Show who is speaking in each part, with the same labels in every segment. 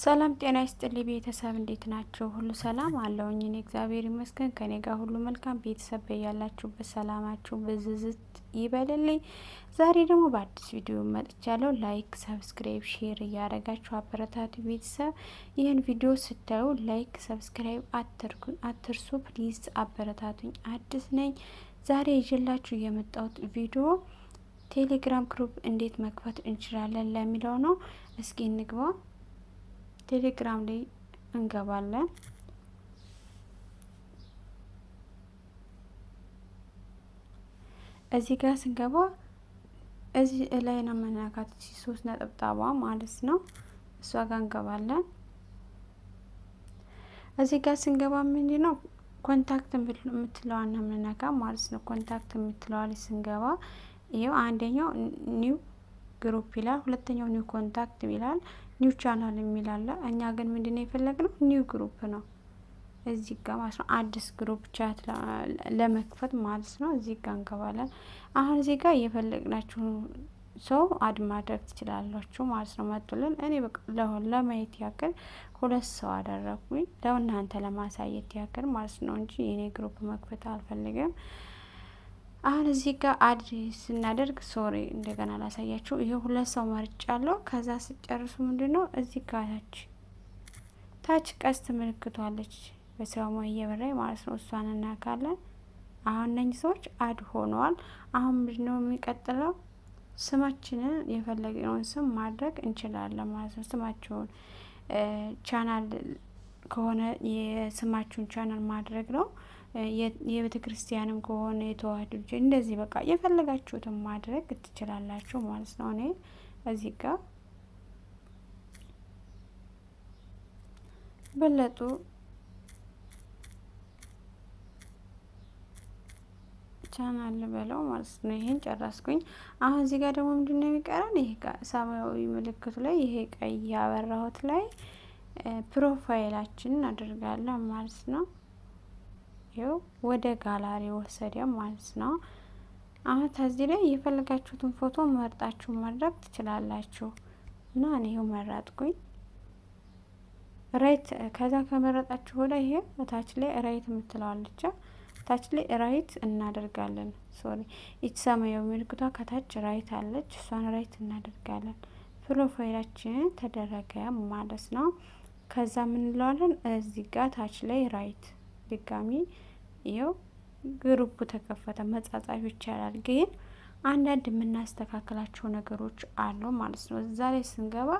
Speaker 1: ሰላም ጤና ይስጥልኝ ቤተሰብ እንዴት ናቸው ሁሉ ሰላም አለውኝ። እኔ እግዚአብሔር ይመስገን ከኔ ጋር ሁሉ መልካም። ቤተሰብ በያላችሁበት ሰላማችሁ ብዝዝት ይበልልኝ። ዛሬ ደግሞ በአዲስ ቪዲዮ መጥቻለሁ። ላይክ፣ ሰብስክራይብ፣ ሼር እያደረጋችሁ አበረታቱ። ቤተሰብ ይህን ቪዲዮ ስታዩ ላይክ፣ ሰብስክራይብ አትርሱ ፕሊዝ፣ አበረታቱኝ። አዲስ ነኝ። ዛሬ ይዤላችሁ የመጣሁት ቪዲዮ ቴሌግራም ግሩፕ እንዴት መክፈት እንችላለን ለሚለው ነው። እስኪ እንግባ ቴሌግራም ላይ እንገባለን። እዚህ ጋር ስንገባ እዚህ ላይ ነው መነካት ሶስት ነጠብጣቧ ማለት ነው። እሷ ጋር እንገባለን። እዚህ ጋር ስንገባ ምንድ ነው ኮንታክት የምትለዋን ነው የምንነካ ማለት ነው። ኮንታክት የምትለዋ ላይ ስንገባ ይኸው አንደኛው ኒው ግሩፕ ይላል፣ ሁለተኛው ኒው ኮንታክት ይላል። ኒው ቻናል የሚል አለ። እኛ ግን ምንድነው የፈለግነው ኒው ግሩፕ ነው እዚህ ጋር ማለት ነው። አዲስ ግሩፕ ቻት ለመክፈት ማለት ነው። እዚህ ጋር እንገባለን። አሁን እዚህ ጋር እየፈለግናችሁ ሰው አድ ማድረግ ትችላላችሁ ማለት ነው። መጡልን። እኔ ለማየት ያክል ሁለት ሰው አደረግኩኝ ለእናንተ ለማሳየት ያክል ማለት ነው እንጂ የኔ ግሩፕ መክፈት አልፈልግም። አሁን እዚህ ጋር አድ ስናደርግ ሶሪ እንደገና ላሳያችሁ። ይሄ ሁለት ሰው መርጫለሁ። ከዛ ስጨርሱ ምንድን ነው እዚህ ጋር ታች ታች ቀስት ምልክቷለች በሰሞ እየበራይ ማለት ነው። እሷን እናካለን። አሁን እነኝህ ሰዎች አድ ሆነዋል። አሁን ምንድነው ነው የሚቀጥለው ስማችንን የፈለግነውን ስም ማድረግ እንችላለን ማለት ነው። ስማችሁን ቻናል ከሆነ የስማችሁን ቻናል ማድረግ ነው። የቤተ ክርስቲያንም ከሆነ የተዋህዱ ልጆች እንደዚህ በቃ የፈለጋችሁትን ማድረግ ትችላላችሁ ማለት ነው። እኔ እዚህ ጋር በለጡ ቻናል በለው ማለት ነው። ይሄን ጨረስኩኝ። አሁን እዚህ ጋር ደግሞ ምንድን ነው የሚቀረን? ይሄ ሰማያዊ ምልክቱ ላይ ይሄ ቀይ ያበራሁት ላይ ፕሮፋይላችንን አድርጋለን ማለት ነው። ጋላሪው ወደ ጋላሪ ወሰደ ማለት ነው። አሁን ከዚህ ላይ የፈለጋችሁትን ፎቶ መርጣችሁ ማድረግ ትችላላችሁ እና እኔ ይሄው መረጥኩኝ። ራይት ከዛ ከመረጣችሁ ላይ ይሄ ታች ላይ ራይት የምትለዋለች ታች ላይ ራይት እናደርጋለን። ሶሪ ይች ሰማያዊ ምልክቷ ከታች ራይት አለች። እሷን ራይት እናደርጋለን። ፕሮፋይላችን ተደረገ ማለት ነው። ከዛ ምን እዚህ ጋር ታች ላይ ራይት ድጋሚ ይኸው ግሩፕ ተከፈተ። መጻጻፍ ይቻላል፣ ግን አንዳንድ የምናስተካክላቸው ነገሮች አሉ ማለት ነው። እዛ ላይ ስንገባ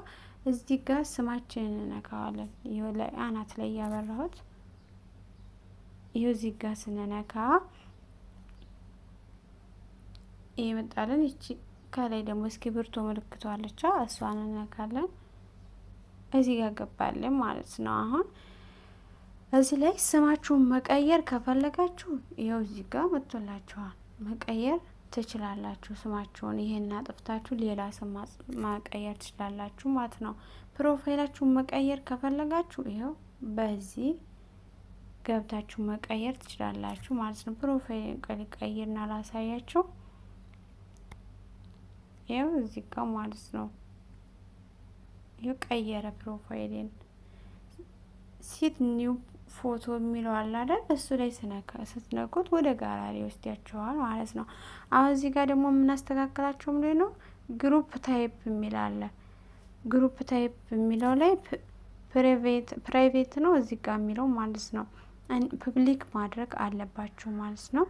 Speaker 1: እዚህ ጋር ስማችንን እንነካዋለን። ይኸው ላይ አናት ላይ ያበራሁት ይኸው እዚህ ጋር ስንነካ ይመጣለን። ይቺ ከላይ ደግሞ እስክሪብቶ ምልክቷ አለች፣ እሷን እንነካለን። እዚህ ጋር ገባለን ማለት ነው አሁን እዚህ ላይ ስማችሁን መቀየር ከፈለጋችሁ ይኸው እዚህ ጋር መጥቶላችኋል። መቀየር ትችላላችሁ። ስማችሁን ይሄን አጥፍታችሁ ሌላ ስም መቀየር ትችላላችሁ ማለት ነው። ፕሮፋይላችሁን መቀየር ከፈለጋችሁ ይኸው በዚህ ገብታችሁ መቀየር ትችላላችሁ ማለት ነው። ፕሮፋይል ቀይርና ላሳያችሁ። ይኸው እዚህ ጋር ማለት ነው። ይኸው ቀየረ ፕሮፋይልን ኒው ፎቶ የሚለው አለ አይደል? እሱ ላይ ስትነኩት ወደ ጋላሪ ይወስዳችኋል ማለት ነው። አሁን እዚህ ጋር ደግሞ የምናስተካክላቸው ምንድን ነው? ግሩፕ ታይፕ የሚል አለ። ግሩፕ ታይፕ የሚለው ላይ ፕራይቬት ነው እዚህ ጋር የሚለው ማለት ነው። ፐብሊክ ማድረግ አለባችሁ ማለት ነው።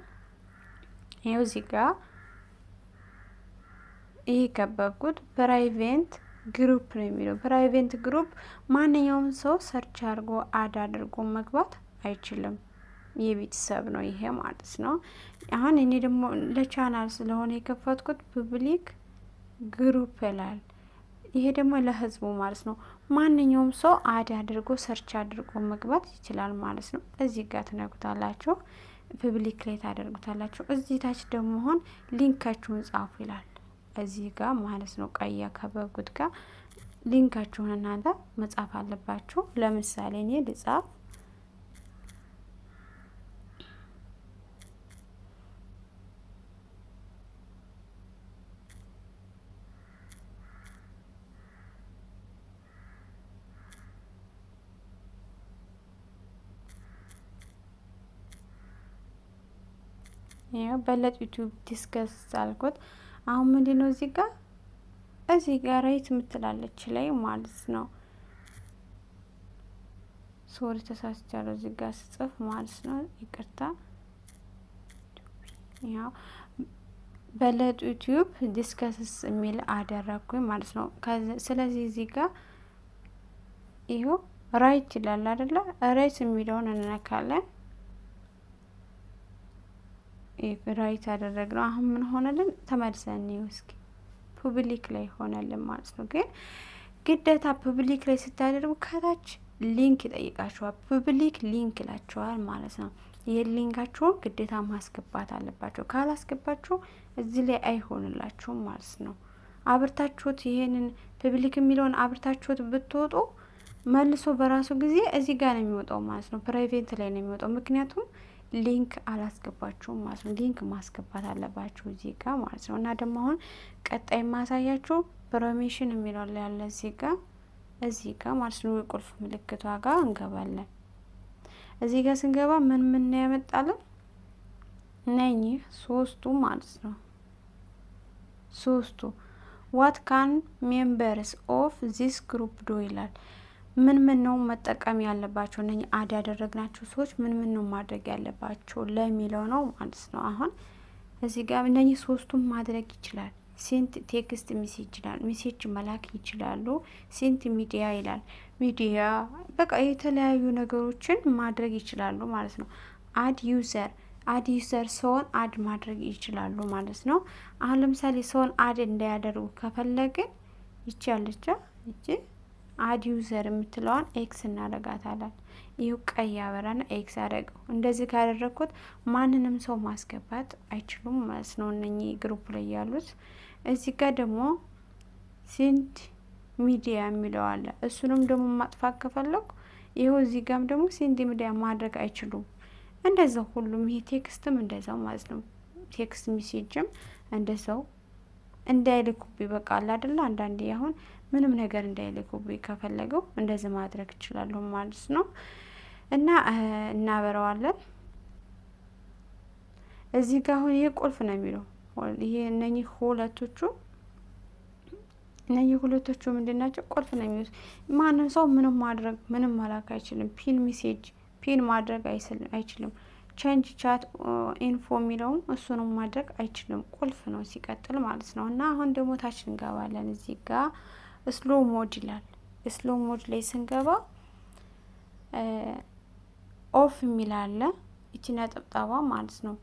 Speaker 1: ይኸው እዚህ ጋር ይህ ከበብኩት ፕራይቬንት ግሩፕ ነው የሚለው። ፕራይቬት ግሩፕ ማንኛውም ሰው ሰርች አድርጎ አድ አድርጎ መግባት አይችልም። የቤተሰብ ነው ይሄ ማለት ነው። አሁን እኔ ደግሞ ለቻናል ስለሆነ የከፈትኩት ፐብሊክ ግሩፕ ይላል። ይሄ ደግሞ ለህዝቡ ማለት ነው። ማንኛውም ሰው አድ አድርጎ ሰርች አድርጎ መግባት ይችላል ማለት ነው። እዚህ ጋር ትነኩታላችሁ፣ ፐብሊክ ላይ ታደርጉታላችሁ። እዚህ ታች ደግሞ አሁን ሊንካችሁን ጻፉ ይላል። እዚህ ጋር ማለት ነው። ቀይ ያከበብኩት ጋር ሊንካችሁን እናንተ መጻፍ አለባችሁ። ለምሳሌ እኔ ልጻፍ በለጥ ዩቲዩብ ዲስከስ አልኩት። አሁን ምንድን ነው እዚህ ጋር እዚህ ጋር ራይት የምትላለች ላይ ማለት ነው። ሶሪ ተሳስቻለሁ። እዚህ ጋር ስጽፍ ማለት ነው። ይቅርታ። ያው በለጥ ዩቲዩብ ዲስከስስ የሚል አደረግኩኝ ማለት ነው። ስለዚህ እዚህ ጋር ይኸው ራይት ይላል አይደለ? ራይት የሚለውን እንነካለን። ያደረግ ነው። አሁን ምን ሆነልን? ተመልሰን እስኪ ፑብሊክ ላይ ሆነልን ማለት ነው። ግን ግዴታ ፑብሊክ ላይ ስታደርጉ ከታች ሊንክ ይጠይቃችኋል። ፑብሊክ ሊንክ ይላችኋል ማለት ነው። ይህን ሊንካችሁን ግዴታ ማስገባት አለባቸው። ካላስገባችሁ እዚህ ላይ አይሆንላችሁም ማለት ነው። አብርታችሁት ይሄንን ፐብሊክ የሚለውን አብርታችሁት ብትወጡ መልሶ በራሱ ጊዜ እዚህ ጋር ነው የሚወጣው ማለት ነው። ፕራይቬት ላይ ነው የሚወጣው ምክንያቱም ሊንክ አላስገባችሁም ማለት ነው። ሊንክ ማስገባት አለባችሁ እዚህ ማለት ነው። እና ደግሞ አሁን ቀጣይ ማሳያችሁ ፕሮሜሽን የሚለው ያለ እዚህ እዚህ ጋ ማለት ነው። የቁልፍ ምልክቷ ጋር እንገባለን። እዚህ ጋ ስንገባ ምን ምን ነው ያመጣለን? እነኚህ ሶስቱ ማለት ነው። ሶስቱ ዋት ካን ሜምበርስ ኦፍ ዚስ ግሩፕ ዶ ይላል። ምን ምን ነው መጠቀም ያለባቸው እነ አድ ያደረግናቸው ሰዎች ምን ምን ነው ማድረግ ያለባቸው ለሚለው ነው ማለት ነው። አሁን እዚህ ጋር እነኚህ ሶስቱም ማድረግ ይችላል። ሴንት ቴክስት ሚስ ይችላል፣ ሚሴጅ መላክ ይችላሉ። ሴንት ሚዲያ ይላል፣ ሚዲያ በቃ የተለያዩ ነገሮችን ማድረግ ይችላሉ ማለት ነው። አድ ዩዘር አድ ዩዘር ሰውን አድ ማድረግ ይችላሉ ማለት ነው። አሁን ለምሳሌ ሰውን አድ እንዳያደርጉ ከፈለግን ይቻለቻ ይቺ አድ ዩዘር የምትለዋን ኤክስ እናደርጋታለን። ይህ ቀይ አበራና ኤክስ ያደረገው እንደዚህ ካደረግኩት ማንንም ሰው ማስገባት አይችሉም ማለት ነው። እነኚህ ግሩፕ ላይ ያሉት እዚህ ጋር ደግሞ ሲንድ ሚዲያ የሚለው አለ። እሱንም ደግሞ ማጥፋት ከፈለኩ ይኸው እዚህ ጋም ደግሞ ሲንድ ሚዲያ ማድረግ አይችሉም። እንደዛው ሁሉም ይሄ ቴክስትም እንደዛው ማለት ነው። ቴክስት ሚሴጅም እንደዛው እንዳይልኩብ ይበቃል አደለ? አንዳንዴ አሁን ምንም ነገር እንዳይለቁብኝ ከፈለገው እንደዚህ ማድረግ እችላለሁ ማለት ነው። እና እናበረዋለን። እዚህ ጋር አሁን ይሄ ቁልፍ ነው የሚለው ይሄ እነኚህ ሁለቶቹ እነዚህ ሁለቶቹ ምንድን ናቸው? ቁልፍ ነው የሚሉት። ማንም ሰው ምንም ማድረግ ምንም መላክ አይችልም። ፒን ሜሴጅ ፒን ማድረግ አይችልም። ቼንጅ ቻት ኢንፎ የሚለውም እሱንም ማድረግ አይችልም። ቁልፍ ነው ሲቀጥል ማለት ነው። እና አሁን ደግሞ ታች እንገባለን እዚህ ጋር ስሎ ሞድ ይላል። ስሎ ሞድ ላይ ስንገባ ኦፍ የሚል አለ። ይቺን ያጠብጣባ ማለት ነው።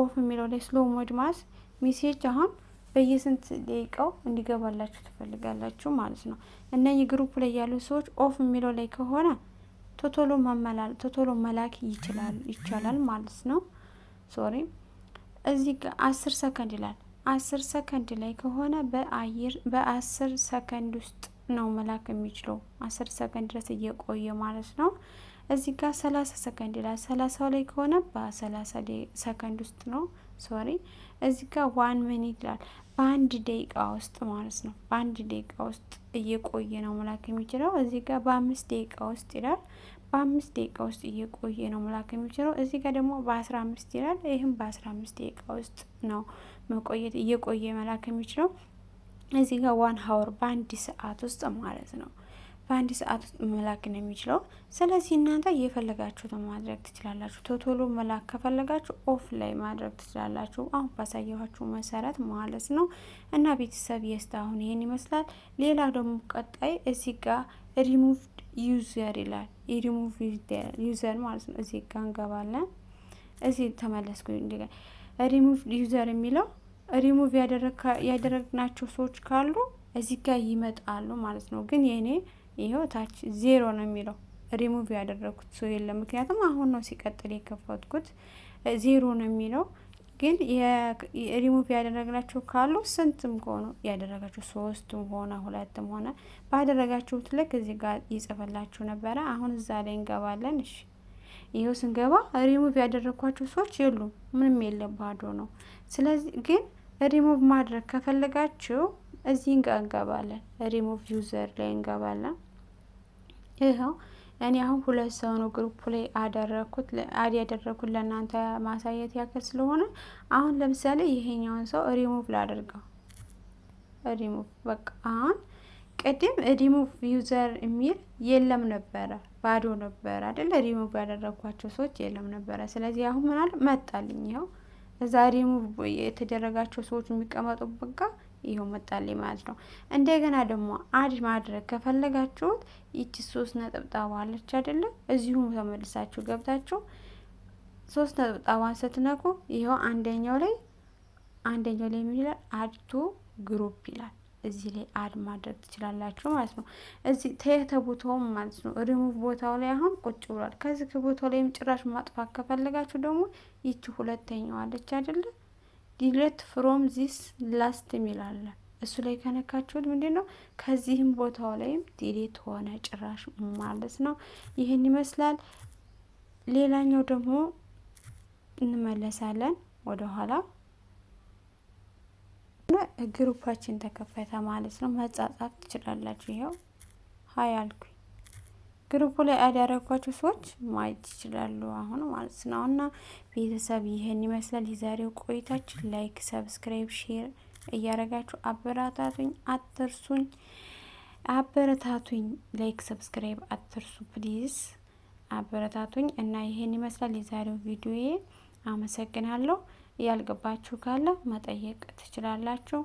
Speaker 1: ኦፍ የሚለው ላይ ስሎ ሞድ ማለት ሜሴጅ አሁን በየስንት ደቂቃው እንዲገባላችሁ ትፈልጋላችሁ ማለት ነው። እነዚህ ግሩፕ ላይ ያሉ ሰዎች ኦፍ የሚለው ላይ ከሆነ ቶቶሎ መመላል ቶቶሎ መላክ ይችላል ይቻላል ማለት ነው። ሶሪ እዚህ ጋር አስር ሰከንድ ይላል። አስር ሰከንድ ላይ ከሆነ በአየር በአስር ሰከንድ ውስጥ ነው መላክ የሚችለው አስር ሰከንድ ድረስ እየቆየ ማለት ነው። እዚህ ጋር ሰላሳ ሰከንድ ይላል። ሰላሳው ላይ ከሆነ በሰላሳ ሰከንድ ውስጥ ነው ሶሪ። እዚህ ጋር ዋን ሚኒት ይላል። በአንድ ደቂቃ ውስጥ ማለት ነው። በአንድ ደቂቃ ውስጥ እየቆየ ነው መላክ የሚችለው። እዚህ ጋር በአምስት ደቂቃ ውስጥ ይላል። በአምስት ደቂቃ ውስጥ እየቆየ ነው መላክ የሚችለው። እዚህ ጋር ደግሞ በአስራ አምስት ይላል። ይህም በአስራ አምስት ደቂቃ ውስጥ ነው መቆየት እየቆየ መላክ የሚችለው። እዚህ ጋር ዋን ሀወር በአንድ ሰዓት ውስጥ ማለት ነው በአንድ ሰዓት ውስጥ መላክ ነው የሚችለው። ስለዚህ እናንተ እየፈለጋችሁ ማድረግ ትችላላችሁ። ቶቶሎ መላክ ከፈለጋችሁ ኦፍ ላይ ማድረግ ትችላላችሁ፣ አሁን ባሳየኋችሁ መሰረት ማለት ነው። እና ቤተሰብ የስታሁን ይህን ይመስላል። ሌላ ደግሞ ቀጣይ እዚህ ጋር ሪሙቭድ ዩዘር ይላል። የሪሙቭ ዩዘር ማለት ነው። እዚህ ጋ እንገባለን። እዚህ ተመለስኩ። ሪሙቭ ዩዘር የሚለው ሪሙቭ ያደረግናቸው ሰዎች ካሉ እዚህ ጋ ይመጣሉ ማለት ነው። ግን የእኔ ይኸው ታች ዜሮ ነው የሚለው ሪሙቭ ያደረግኩት ሰው የለም። ምክንያቱም አሁን ነው ሲቀጥል የከፈትኩት ዜሮ ነው የሚለው ግን ሪሙቭ ያደረግናቸው ካሉ ስንትም ከሆኑ ያደረጋችሁ ሶስትም ሆነ ሁለትም ሆነ ባደረጋችሁት ልክ እዚህ ጋር ይጽፈላችሁ ነበረ። አሁን እዛ ላይ እንገባለን። እሺ ይኸው ስንገባ ሪሙቭ ያደረግኳቸው ሰዎች የሉም፣ ምንም የለም፣ ባዶ ነው። ስለዚህ ግን ሪሙቭ ማድረግ ከፈለጋችሁ እዚህ ጋር እንገባለን። ሪሙቭ ዩዘር ላይ እንገባለን። ይኸው እኔ አሁን ሁለት ሰው ነው ግሩፕ ላይ አደረኩት አድ ያደረኩት ለእናንተ ማሳየት ያክል ስለሆነ አሁን ለምሳሌ ይሄኛውን ሰው ሪሙቭ ላደርገው። ሪሙቭ በቃ አሁን ቅድም ሪሙቭ ዩዘር የሚል የለም ነበረ፣ ባዶ ነበረ አይደለ? ሪሙቭ ያደረግኳቸው ሰዎች የለም ነበረ። ስለዚህ አሁን ምናለ መጣልኝ። ይኸው እዛ ሪሙቭ የተደረጋቸው ሰዎች የሚቀመጡበት ጋር ይኸው መጣልኝ ማለት ነው። እንደገና ደግሞ አድ ማድረግ ከፈለጋችሁት ይቺ ሶስት ነጠብጣብ አለች አይደለም? እዚሁም ተመልሳችሁ ገብታችሁ ሶስት ነጠብጣቧን ስትነኩ ይኸው አንደኛው ላይ አንደኛው ላይ የሚል አድ ቱ ግሩፕ ይላል። እዚህ ላይ አድ ማድረግ ትችላላችሁ ማለት ነው። እዚህ ተየተ ቦታውም ማለት ነው ሪሙቭ ቦታው ላይ አሁን ቁጭ ብሏል። ከዚህ ከቦታው ላይም ጭራሽ ማጥፋት ከፈለጋችሁ ደግሞ ይቺ ሁለተኛው አለች አይደለም? ዲሌት ፍሮም ዚስ ላስት የሚላለ እሱ ላይ ከነካችሁት ምንድን ነው ከዚህም ቦታው ላይም ዲሌት ሆነ ጭራሽ ማለት ነው። ይህን ይመስላል። ሌላኛው ደግሞ እንመለሳለን ወደኋላ ግሩፓችን ተከፈተ ማለት ነው። መጻጻፍ ትችላላችሁ። ይኸው ሀይ አልኩኝ። ግሩፑ ላይ አድ ያደረግኳቸው ሰዎች ማየት ይችላሉ፣ አሁን ማለት ነው። እና ቤተሰብ ይህን ይመስላል የዛሬው ቆይታችን። ላይክ፣ ሰብስክራይብ፣ ሼር እያደረጋችሁ አበረታቱኝ፣ አትርሱኝ፣ አበረታቱኝ። ላይክ፣ ሰብስክራይብ አትርሱ ፕሊዝ፣ አበረታቱኝ። እና ይህን ይመስላል የዛሬው ቪዲዮዬ። አመሰግናለሁ። ያልገባችሁ ካለ መጠየቅ ትችላላችሁ።